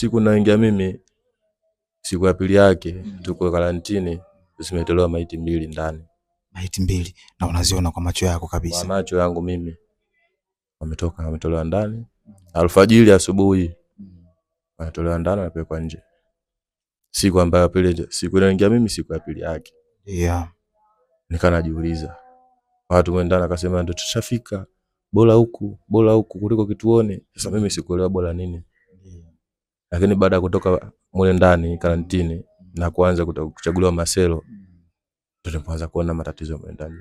siku naingia mimi, siku ya pili yake mm. tuko karantini, zimetolewa maiti mbili ndani, maiti mbili, na unaziona kwa macho yako kabisa? Kwa macho yangu mimi, wametoka wametolewa ndani alfajiri, asubuhi wanatolewa ndani, wanapelekwa nje. Siku ambayo pili, siku naingia mimi, siku ya pili yake yeah. Nikaa najiuliza watu mwendana, akasema ndo tushafika, bora huku bora huku kuliko kituoni. Sasa mimi sikuelewa bora nini lakini baada ya kutoka mule ndani karantini na kuanza kuchaguliwa maselo, tulipoanza kuona matatizo mule ndani.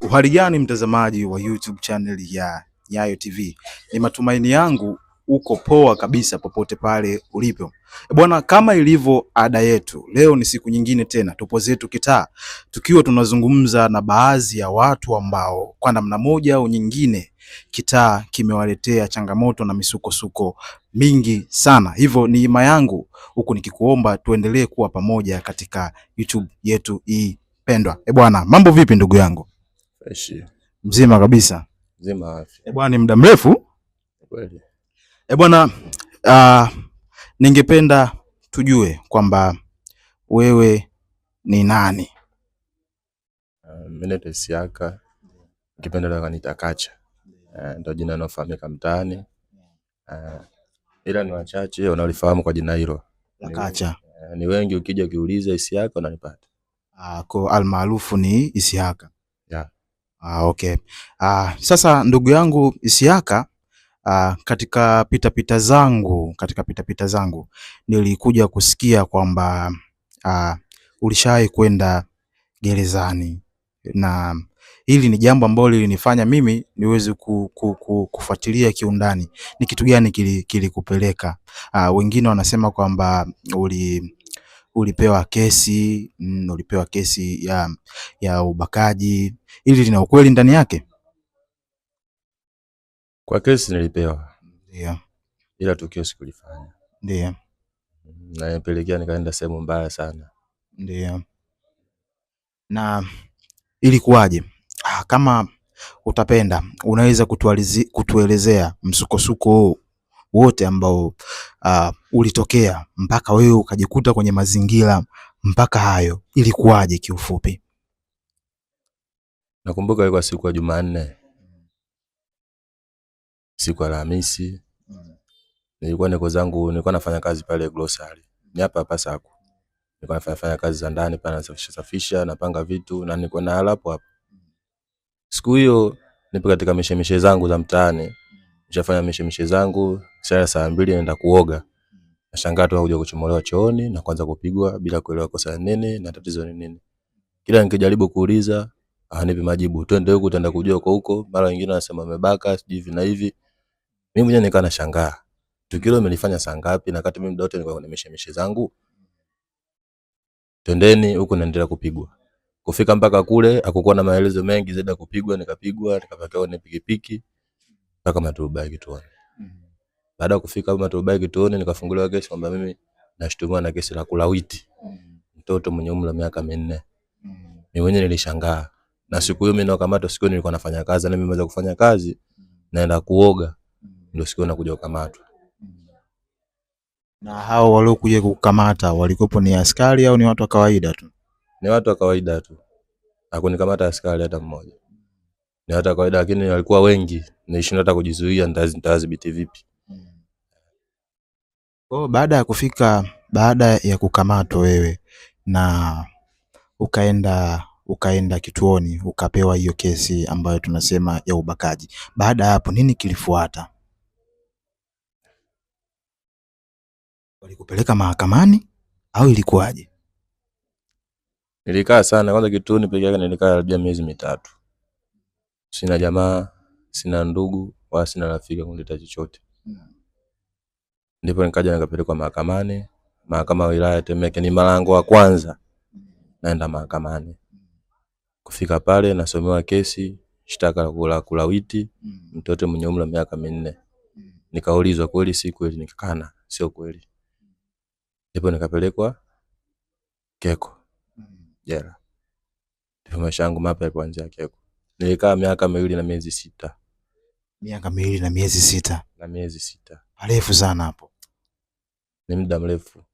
Uhali gani mtazamaji wa YouTube channel ya Nyayo TV, ni matumaini yangu uko poa kabisa popote pale ulipo. E bwana, kama ilivyo ada yetu, leo ni siku nyingine tena, tupo zetu kitaa, tukiwa tunazungumza na baadhi ya watu ambao kwa namna moja au nyingine kitaa kimewaletea changamoto na misukosuko mingi sana. Hivyo ni ima yangu huku nikikuomba tuendelee kuwa pamoja katika YouTube yetu hii pendwa. E bwana, mambo vipi ndugu yangu? Mzima kabisa. Mzima afya. E bwana, ni muda mrefu kweli. E bwana, uh, ningependa tujue kwamba wewe ni nani? Uh, mimi naitwa Isiaka, nikipenda wakaniita Kacha, ah, ndio jina linalofahamika mtaani, ila ni wachache wanaolifahamu kwa jina hilo Kacha. Ni, ni wengi ukija ukiuliza Isiaka unanipata. Uh, kwa almaarufu ni Isiaka yeah. Uh, okay. Uh, sasa ndugu yangu Isiaka Uh, katika pitapita zangu katika pitapita zangu nilikuja kusikia kwamba uh, ah, ulishawahi kwenda gerezani, na hili ni jambo ambalo lilinifanya mimi niweze ku, ku, ku, kufuatilia kiundani ni kitu gani kilikupeleka kili. Uh, wengine wanasema kwamba uli ulipewa kesi mm, ulipewa kesi ya, ya ubakaji. Hili lina ukweli ndani yake? Kwa kesi nilipewa, ndio, ila tukio sikulifanya, ndio na nipelekea nikaenda sehemu mbaya sana, ndio. Na ilikuwaje? Ah, kama utapenda unaweza kutuelezea msukosuko wote ambao uh, ulitokea mpaka wewe ukajikuta kwenye mazingira mpaka hayo, ilikuwaje kiufupi? Nakumbuka ilikuwa siku ya Jumanne siku ya Alhamisi mm. nilikuwa niko zangu, nilikuwa nafanya kazi pale grocery, ni hapa hapa Sako, nilikuwa nafanya fanya kazi za ndani pale, nasafisha safisha, napanga vitu na niko na hapo hapo. Siku hiyo nipo katika mishemishe zangu za mtaani, nishafanya mishemishe zangu saa saa mbili naenda kuoga, nashangaa tu kuja kuchomolewa chooni na kuanza kupigwa bila kuelewa kosa nini na tatizo ni nini. Kila nikijaribu kuuliza hanipi majibu, twende huku, tenda kujua huko huko, mara nyingine anasema amebaka sijui hivi na hivi mimi mwenyewe nikawa nashangaa. Tukio hilo umelifanya saa ngapi na kati mimi muda wote nilikuwa kwenye mishemishe zangu. Twendeni huku, naendelea kupigwa. Kufika mpaka kule hakukuwa na maelezo mengi zaidi ya kupigwa, nikapigwa, nikapakiwa kwenye pikipiki mpaka maturubai kituoni. Mm-hmm. Baada ya kufika hapo maturubai kituoni nikafunguliwa kesi kwamba mimi nashtumiwa na kesi la kulawiti mm-hmm. mtoto mwenye umri wa miaka minne. Mm-hmm. Mimi mwenyewe nilishangaa. Na siku hiyo mimi nikamatwa, siku hiyo nilikuwa nafanya kazi na mimi nimeweza kufanya kazi naenda kuoga ndio siku anakuja kukamatwa. Na hao waliokuja kukamata walikopo ni askari au ni watu wa kawaida tu? Ni watu wa kawaida tu, hakunikamata askari hata mmoja, ni watu wa kawaida, lakini walikuwa wengi, nilishindwa hata kujizuia, nitawadhibiti vipi? Oh, baada ya kufika, baada ya kukamatwa wewe na ukaenda ukaenda kituoni ukapewa hiyo kesi ambayo tunasema ya ubakaji, baada ya hapo nini kilifuata? walikupeleka mahakamani au ilikuwaje? Nilikaa sana kwanza kituoni peke yake, nilikaa karibia miezi mitatu. Sina jamaa, sina ndugu, wala sina rafiki kunileta chochote. Ndipo nikaja nikapelekwa mahakamani, mahakama ya wilaya Temeke. Ni malango yangu ya kwanza naenda mahakamani. Kufika pale nasomewa kesi, shtaka la kulawiti mtoto mwenye umri wa miaka minne. Nikaulizwa kweli si kweli, nikakana sio kweli ndipo nikapelekwa Keko mm. jela. Ndipo maisha yangu mapya yalipoanzia Keko. Nilikaa miaka miwili na miezi sita. Miaka miwili na miezi sita. Na miezi sita. Marefu sana hapo. Ni muda mrefu.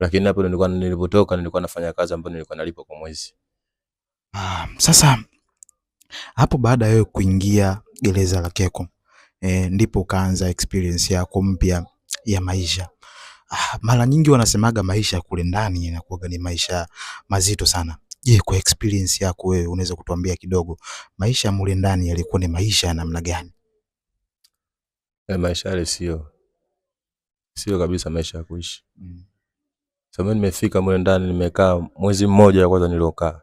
Lakini hapo nilikuwa nilipotoka nilikuwa nafanya kazi ambayo nilikuwa nalipo kwa mwezi. Ah, sasa hapo baada ya wewe kuingia gereza la Keko, eh, ndipo ukaanza experience yako mpya ya maisha ah, mara nyingi wanasemaga maisha kule ndani yanakuwa ni maisha mazito sana. Je, kwa experience yako wewe unaweza kutuambia kidogo maisha mule ndani yalikuwa ni maisha ya namna gani? E, maisha yale sio sio kabisa maisha ya kuishi mm. Sababu nimefika mule ndani, nimekaa mwezi mmoja ya kwanza niliokaa,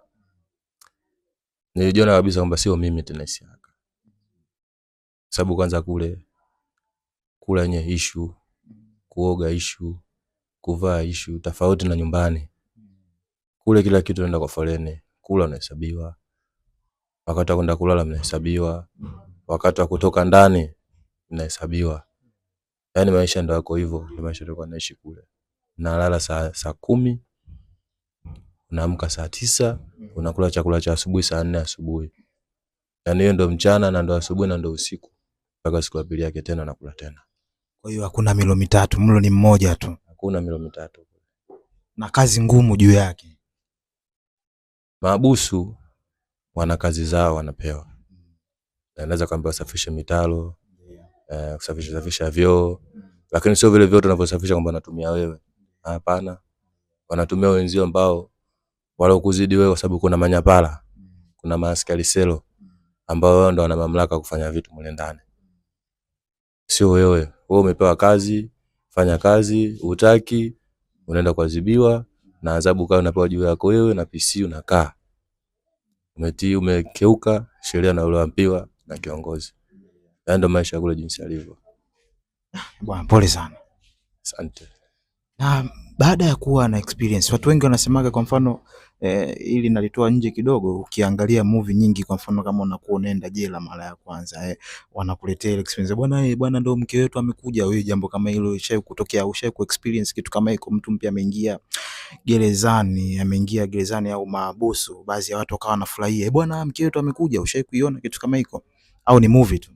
nilijiona kabisa kwamba sio mimi tena sababu kwanza kule kula nye issue kuoga ishu, kuvaa ishu, tofauti na nyumbani. Kule kila kitu naenda kwa foleni, kula unahesabiwa, wakati wa kwenda kulala mnahesabiwa, wakati wa kutoka ndani mnahesabiwa. Yani maisha ndo yako hivyo, ndio maisha tulikuwa naishi kule. Nalala saa saa kumi, unaamka saa tisa, unakula chakula cha asubuhi saa nne asubuhi. yani hiyo ndo mchana na ndo asubuhi na ndo usiku mpaka siku ya pili yake tena nakula tena. Kwa hiyo hakuna milo mitatu, mlo ni mmoja tu, hakuna milo mitatu. Na kazi ngumu juu yake. Mahabusu wana kazi zao wanapewa, mm. anaweza kuambiwa wasafishe mitalo yeah. Uh, kusafisha safisha vyoo mm. Lakini sio vile vyoo tunavyosafisha kwamba natumia wewe, hapana, wanatumia wenzio ambao wala kuzidi wewe, kwa sababu kuna manyapala, mm. kuna maaskari selo ambao wao ndo wana mamlaka kufanya vitu mule ndani sio wewe. Wewe umepewa kazi, fanya kazi, utaki unaenda kuadhibiwa na adhabu kayo unapewa juu yako wewe na PC unakaa. Umetii, umekeuka sheria na ulioambiwa na kiongozi. Yaani ndio maisha kule jinsi alivyo. Bwana pole sana. Asante. Na baada ya kuwa na experience, watu wengi wanasemaga kwa mfano eh, ili nalitoa nje kidogo. Ukiangalia movie nyingi, kwa mfano kama unakuwa unaenda jela mara ya kwanza eh, wanakuletea experience bwana, eh bwana, ndio mke wetu amekuja. Wewe jambo kama hilo ishai kutokea? Ushai ku experience kitu kama hiko? Mtu mpya ameingia gerezani, ameingia gerezani au maabusu, baadhi ya watu wakawa wanafurahia, eh bwana, mke wetu amekuja. Ushai kuiona kitu kama hiko au ni movie tu?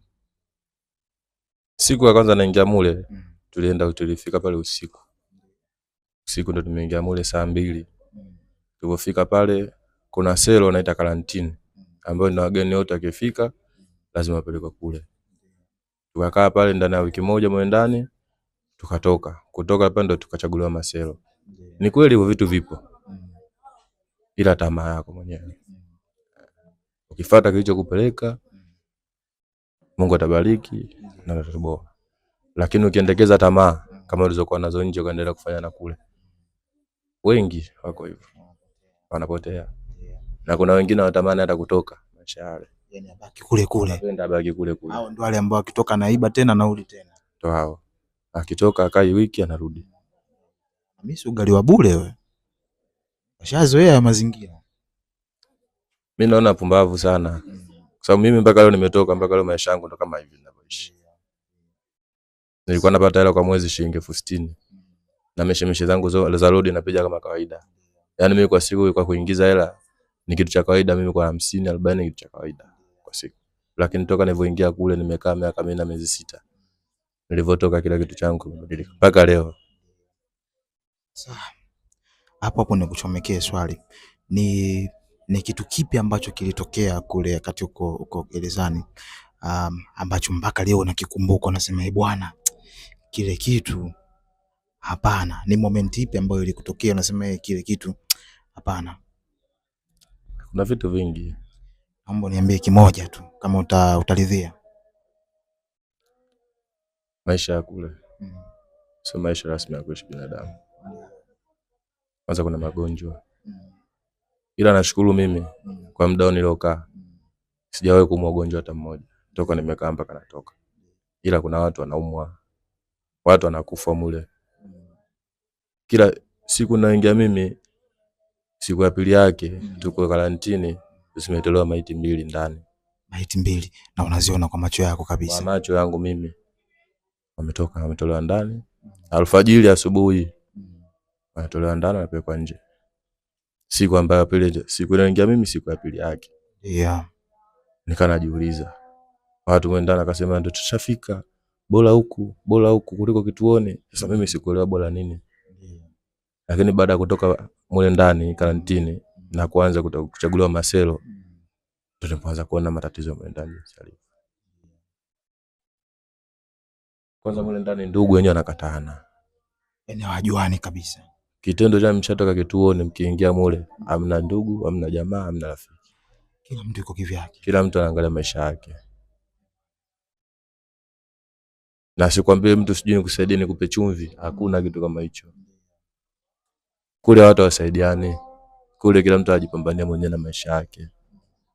Siku ya kwanza naingia mule, mm. tulienda tulifika pale usiku siku ndo tumeingia mule saa mbili. Tulipofika pale kuna selo naita karantini ambayo ni wageni wote wakifika lazima apelekwe kule. Tukakaa pale ndani ya wiki moja mwe ndani tukatoka. Kutoka pale ndo tukachaguliwa maselo. Ni kweli hivyo vitu vipo. Ila tamaa yako mwenyewe. Ukifuata kilichokupeleka Mungu atabariki na atatuboa. Lakini ukiendekeza tamaa kama ulizokuwa nazo nje ukaendelea kufanya na kule wengi wako hivyo wanapotea, na kuna wengine wanatamani hata kutoka maisha yale, yani abaki kule kule, anapenda abaki kule kule. Hao ndio wale ambao akitoka naiba tena nauli tena, ndio hao. Akitoka akai wiki anarudi. Hamisi, ugali wa bure wewe, ya mazingira. Mimi naona pumbavu sana kwa sababu mimi mpaka leo nimetoka, mpaka leo maisha yangu ndo kama hivi ninavyoishi. Nilikuwa napata hela kwa mwezi shilingi elfu sitini na mishemishe zangu za load napiga kama kawaida. Yaani mimi kwa siku kwa kuingiza hela ni kitu cha kawaida, mimi kwa hamsini arobaini ni kitu cha kawaida kwa siku, lakini toka nilivyoingia kule nimekaa miaka minne na miezi sita, nilivyotoka kila kitu changu kimebadilika mpaka leo. Sawa, hapo hapo nikuchomekee swali ni ni kitu kipi ambacho kilitokea kule wakati uko uko gerezani, um, ambacho mpaka leo nakikumbuka, nasema eh bwana, kile kitu Hapana. Ni moment ipi ambayo ilikutokea unasema eh, kile kitu hapana? Kuna vitu vingi, naomba niambie kimoja tu kama uta, utaridhia. Maisha ya kule mm, sio maisha rasmi ya kuishi binadamu. Kwanza kuna magonjwa mm, ila nashukuru mimi mm, kwa muda niliokaa mm, sijawahi kuumwa ugonjwa hata mmoja toka nimekaa mpaka natoka, mm. ila kuna watu wanaumwa, watu wanakufa mule kila siku naingia mimi, siku ya pili yake mm. tuko karantini, zimetolewa maiti mbili ndani, maiti mbili, na unaziona kwa macho yako kabisa? Kwa macho yangu mimi, wametoka wametolewa ndani alfajiri, asubuhi wanatolewa ndani, wanapelekwa nje. Siku ambayo pili, siku naingia mimi, siku ya pili yake yeah. Nikaa najiuliza watu mwendana, akasema ndo tushafika, bora huku bora huku kuliko kituoni. Sasa mimi sikuelewa bora nini lakini baada ya kutoka mule ndani karantini na kuanza kuchaguliwa maselo, tulipoanza kuona matatizo mule ndani kwanza mule ndani ndugu wenyewe wanakatana, yani hawajuani kabisa. Kitendo cha mshatoka kituoni, mkiingia mule amna ndugu, amna jamaa, amna rafiki, kila mtu yuko kivyake, kila mtu anaangalia maisha yake. Na sikwambie mtu sijui nikusaidie, nikupe chumvi, hakuna kitu kama hicho. Kule watu wasaidiane, kule kila mtu ajipambania mwenyewe na maisha yake.